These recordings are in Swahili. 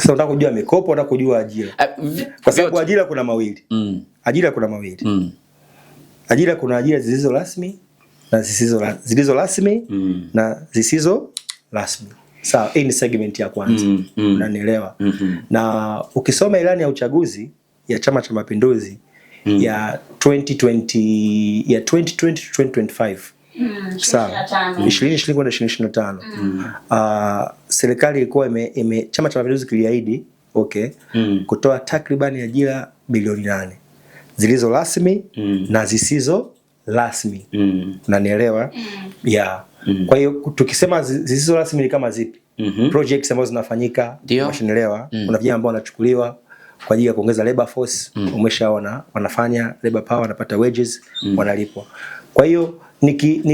Sasa unataka kujua mikopo, unataka kujua ajira, ah, kwa sababu ajira kuna mawili mm. ajira kuna mawili mm. ajira kuna ajira zilizo rasmi na zisizo zilizo rasmi mm. na zisizo rasmi sawa. Hii ni segment ya kwanza mm. mm. unanielewa? mm -hmm. na ukisoma ilani ya uchaguzi ya Chama cha Mapinduzi mm. ya 2020 ya 2020 to 2025 sawa, ishirini ishirini kwenda ishirini ishirini na tano mm. ah, serikali ilikuwa ime, ime, Chama cha Mapinduzi kiliahidi okay, mm. kutoa takribani ajira bilioni nane zilizo rasmi mm. na zisizo rasmi mm. nanielewa mm. yeah. mm. kwa hiyo tukisema zisizo rasmi ni kama zipi? mm -hmm. projects ambazo zinafanyika mashinelewa mm. kuna vijana ambao wanachukuliwa kwa ajili ya kuongeza labor force mm. umeshaona wanafanya labor power, wanapata wages mm. wanalipwa, kwa hiyo nikizungumzia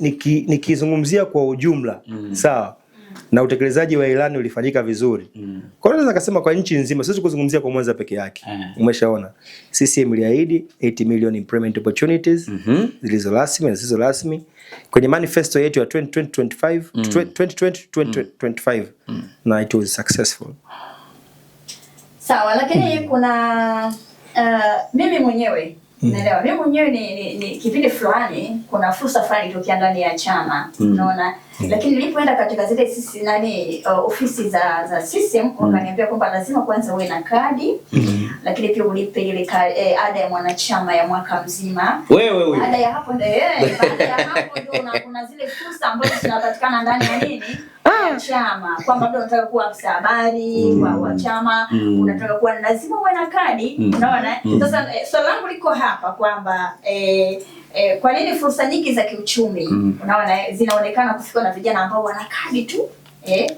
niki, niki, niki niki kwa ujumla mm. mm. sawa na utekelezaji wa ilani ulifanyika vizuri mm. Kwa hiyo naweza kusema kwa nchi nzima, siwezi kuzungumzia kwa Mwanza peke yake mm. Umeshaona CCM iliahidi 80 million employment opportunities mm -hmm. zilizo rasmi na zisizo rasmi kwenye manifesto yetu ya 2025 mm. 2020 2025 mm. mm. na it was successful. Sawa, lakini mm. kuna uh, mimi mwenyewe Naelewa Mimi mwenyewe ni, ni, ni kipindi fulani kuna fursa fulani ilitokea ndani ya chama. Mm. Unaona? Mm. Lakini nilipoenda katika zile sisi nani uh, ofisi za za CCM mm. wakaniambia kwamba lazima kwanza uwe na kadi. Mm. Lakini pia ulipe ile eh, ada ya mwanachama ya mwaka mzima. Wewe wewe. Ada ya hapo ndio yeye. baada ya hapo ndio kuna eh, zile fursa ambazo zinapatikana ndani ya nini? ya chama kwamba mtu anataka kuwa afisa habari mm. wa wa chama, mm. unataka kuwa lazima uwe na kadi, mm. unaona. Sasa eh, swali langu liko hapa kwamba eh, eh, kwa nini fursa nyingi za kiuchumi mm. unaona eh, zinaonekana kufikwa na vijana ambao wana kadi tu eh?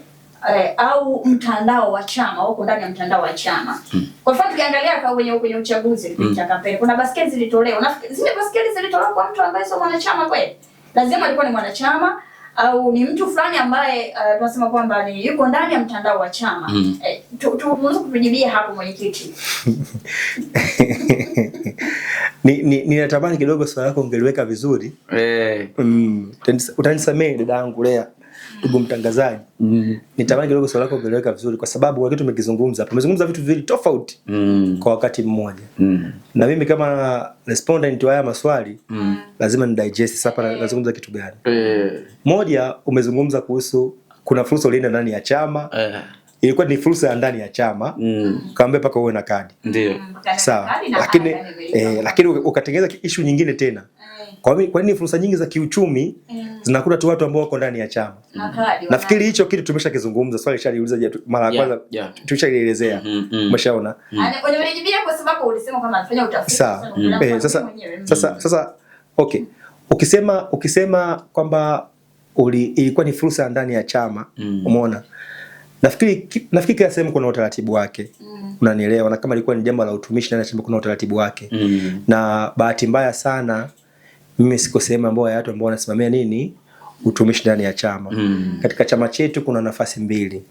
Eh, au mtandao wa chama huko ndani ya mtandao wa chama mm. Kwa mfano tukiangalia kwa kwenye kwenye uchaguzi mm. cha kampeni kuna baskeli zilitolewa, zile baskeli zilitolewa kwa mtu ambaye sio mwanachama kweli, lazima alikuwa ni mwanachama au ni mtu fulani ambaye uh, tunasema uh, kwamba ni yuko ndani ya mtandao wa chama mm. Eh, tunaweza kutujilia hapo mwenyekiti? Ninatamani ni, ni kidogo swala lako ungeliweka vizuri eh. Mm, utanisamehe dada yangu Lea ndugu mtangazaji mm. nitamani kidogo swali lako kueleweka vizuri, kwa sababu kwa kitu umekizungumza umezungumza vitu viwili tofauti mm. kwa wakati mmoja mm. na mimi kama respondent wa haya maswali mm. lazima ni digest hapa, eh. nazungumza kitu gani? mm. Moja, umezungumza kuhusu kuna fursa ulienda ndani ya chama mm ilikuwa ni fursa ya ndani ya chama mm. Kaambia paka uwe na kadi ndio mm, sawa, lakini eh, lakini ukatengeneza issue nyingine tena eh. kwa mimi, kwa nini fursa nyingi za kiuchumi mm. zinakuta tu watu ambao wako ndani ya chama mm. Nafikiri hicho kitu tumeshakizungumza, swali shaliuliza mara ya kwanza yeah, yeah. Tumeshaelezea mm-hmm, mm. umeshaona mm, mm. mm. kwa sababu ulisema kama anafanya utafiti mm. eh, sasa, sasa, mm. sasa okay mm. ukisema ukisema kwamba ilikuwa ni fursa ya ndani ya chama mm. umeona Nafikiri nafikiri kila sehemu kuna utaratibu wake. Mm. Unanielewa na kama ilikuwa ni jambo la utumishi na kuna utaratibu wake. Mm. Na bahati mbaya sana mimi siko sehemu ambayo watu ambao wanasimamia nini utumishi ndani ya chama. Mm. Katika chama chetu kuna nafasi mbili.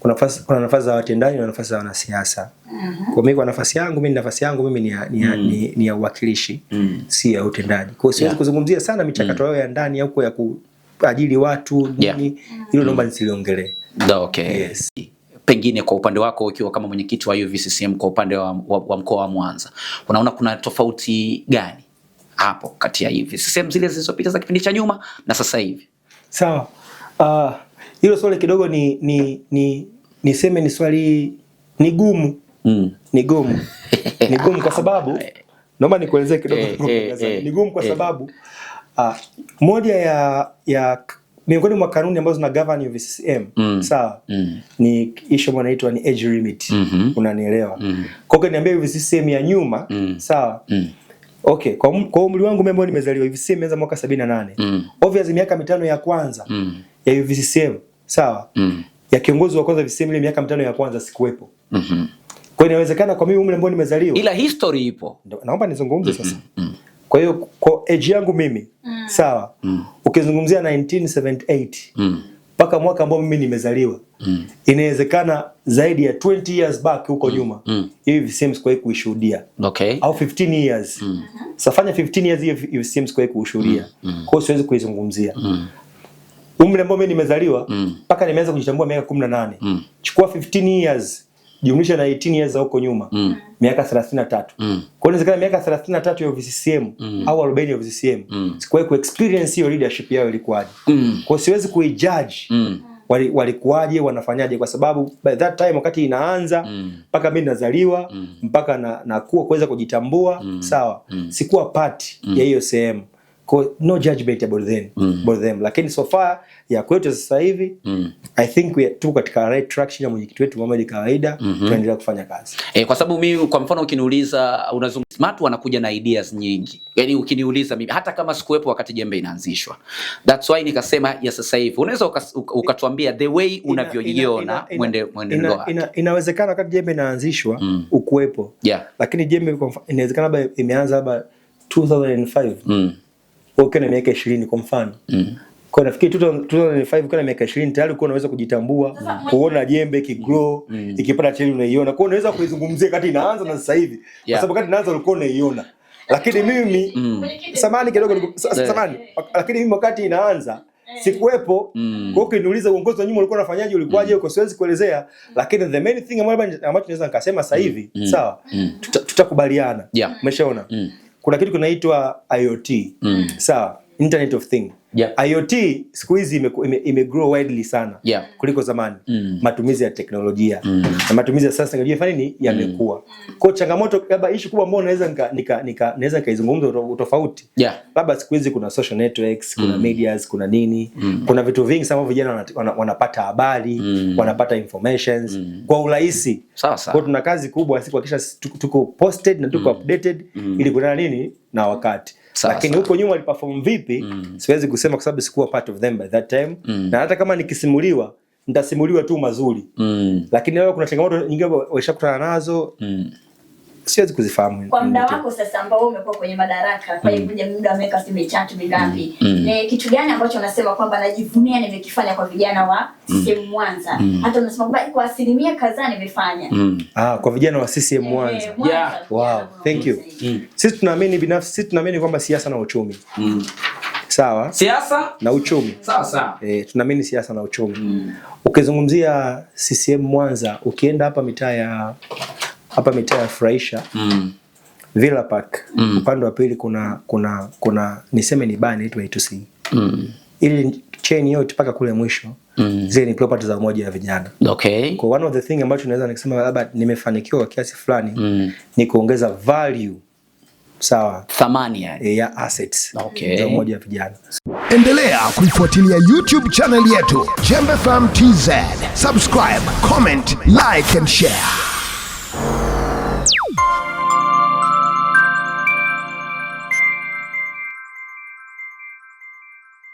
Kuna nafasi kuna nafasi za watendaji na nafasi za wanasiasa. Mm -hmm. Kwa mimi kwa nafasi yangu mimi nafasi yangu mimi ni ya, ni, ya, mm. ni, ni ya uwakilishi mm. si ya utendaji. Kwa hiyo siwezi yeah. kuzungumzia sana michakato mm. yao ya ndani au ya ku ajili watu nini yeah. Hilo naomba nisiliongelee. Okay. Yes. Pengine kwa upande wako ukiwa kama mwenyekiti wa UVCCM kwa upande wa, wa, wa mkoa wa Mwanza unaona kuna tofauti gani hapo kati ya UVCCM zile zilizopita za kipindi cha nyuma na sasa hivi? Sawa. Uh, hilo swali kidogo ni ni ni niseme ni swali ni gumu mm. Ni gumu ni gumu kwa sababu naomba nikuelezee kidogo, eh, eh, ni gumu kwa eh, sababu Ah, moja ya ya miongoni mwa kanuni ambazo zina govern UVCCM mm. sawa mm. ni issue ambayo inaitwa ni age limit mm -hmm. unanielewa mm kwa hiyo niambia UVCCM ya nyuma mm. sawa mm. Okay, kwa, kwa umri wangu mimi ambao nimezaliwa UVCCM imeanza mwaka 78. Mm. obviously miaka mitano ya kwanza mm. ya UVCCM, sawa? Mm. Ya kiongozi wa kwanza UVCCM ile miaka mitano ya kwanza sikuwepo. Mhm. Mm kwa hiyo inawezekana kwa mimi umri ambao nimezaliwa. Ila history ipo. Naomba nizungumze mm -hmm. sasa. Mm -hmm. Kwa hiyo kwa age yangu mimi mm. sawa mm. ukizungumzia 1978 mm. mpaka mm. mwaka ambao mimi nimezaliwa mm. inawezekana zaidi ya 20 years back huko mm. nyuma hivi mm. hivi sehemu sikuwahi kuishuhudia okay. au 15 years mm. Mm-hmm. safanya 15 years hiyo hivi sehemu sikuwahi kuishuhudia mm. mm. kwa hiyo siwezi kuizungumzia mm umri ambao mimi nimezaliwa mm. mpaka mm. nimeanza kujitambua miaka 18 mm. chukua 15 years jumlisha na 18 years za huko nyuma mm. miaka 33 mm. kwa hiyo inawezekana miaka 33 ya VCCM mm. au 40 ya VCCM mm. sikuwahi ku experience hiyo leadership yao ilikuwaje mm. kwa hiyo siwezi judge mm. walikuwaje wanafanyaje kwa sababu by that time wakati inaanza mm. mpaka mm. mimi nazaliwa mm. mpaka mm. nakuwa na kuweza kujitambua mm. sawa mm. sikuwa part mm. ya hiyo sehemu no judgment about them, mm. about them. Lakini so far ya kwetu sasa hivi mm. I think we tuko katika right traction ya mwenyekiti wetu Mohamed Kawaida mm -hmm. Tuendelea kufanya kazi eh, kwa sababu mimi kwa mfano ukiniuliza smart wanakuja na ideas nyingi, yani ukiniuliza mimi hata kama sikuwepo wakati jembe inaanzishwa, that's why nikasema ya sasa hivi unaweza ukatuambia the way unavyoiona mwende mwende ndoa inawezekana wakati jembe inaanzishwa mm. ukuwepo yeah. Lakini jembe inawezekana labda imeanza labda 2005 mm ukiwa na miaka 20 kwa mfano mm. Kwa nafikiri 2005 ukiwa na miaka 20 tayari uko unaweza kujitambua mm. kuona jembe ikigrow mm. ikipata cheli unaiona, kwa unaweza kuizungumzia kati inaanza na sasa hivi yeah. Kwa sababu kati inaanza ulikuwa unaiona, lakini mimi mm. samani kidogo samani, eh. lakini mimi wakati inaanza eh. sikuwepo mm. Kwa ukiniuliza uongozi wa nyuma ulikuwa unafanyaje, ulikuwaje huko, mm. siwezi kuelezea, lakini the main thing ambayo ambacho naweza nikasema sasa hivi mm. mm. sawa mm. tutakubaliana tuta yeah. umeshaona mm kuna kitu kinaitwa IoT. Mm. Sawa, Internet of Thing yeah. IoT siku hizi ime, ime, ime grow widely sana yeah. kuliko zamani mm. matumizi ya teknolojia mm. na matumizi ya sasa teknolojia fani ni yamekuwa mm. kwa changamoto labda ishu kubwa ambayo naweza nika, nika, nika naweza kaizungumza tofauti yeah. labda siku hizi kuna social networks kuna mm. medias kuna nini mm. kuna vitu vingi sana vijana wanapata habari mm. wanapata informations mm. kwa urahisi sasa kwa tuna kazi kubwa sisi kuhakikisha tuko posted na tuko mm. updated mm. ili kuna nini na wakati lakini huko nyuma waliperform vipi mm. siwezi kusema kwa sababu sikuwa part of them by that time mm. na hata kama nikisimuliwa nitasimuliwa tu mazuri mm. lakini leo kuna changamoto nyingine walishakutana nazo mm siwezi kuzifahamu. Kwa muda wako sasa ambao umekuwa kwenye madaraka, kwa hiyo mm. muda wa miaka si michache mingapi, mm. ni mm. eh, kitu gani ambacho unasema kwamba najivunia nimekifanya kwa vijana wa CCM mm. Mwanza? mm. hata unasema kwamba kwa asilimia kadhaa nimefanya. mm. Ah, kwa vijana wa CCM eh, Mwanza. Mwanza. Yeah. Wow, thank you. Mm. mm. Sisi tunaamini binafsi, sisi tunaamini kwamba siasa na uchumi. Mm. Sawa. Siasa na uchumi. Sawa sawa. Eh, tunaamini siasa na uchumi. Mm. Ukizungumzia CCM Mwanza, ukienda hapa mitaa ya hapa mitaa ya Fraisha mm. Villa Park mm. upande wa pili kuna kuna kuna niseme ni bani inaitwa A2C mm. ili chain yote mpaka kule mwisho mm. zile ni property za umoja wa vijana. Okay. Kwa one of the thing ambacho naweza nikisema labda nimefanikiwa kwa kiasi fulani mm. ni kuongeza value sawa, thamani yani eh, ya assets okay, za umoja wa vijana. Endelea kuifuatilia YouTube channel yetu Jembe FM TZ, subscribe, comment, like and share.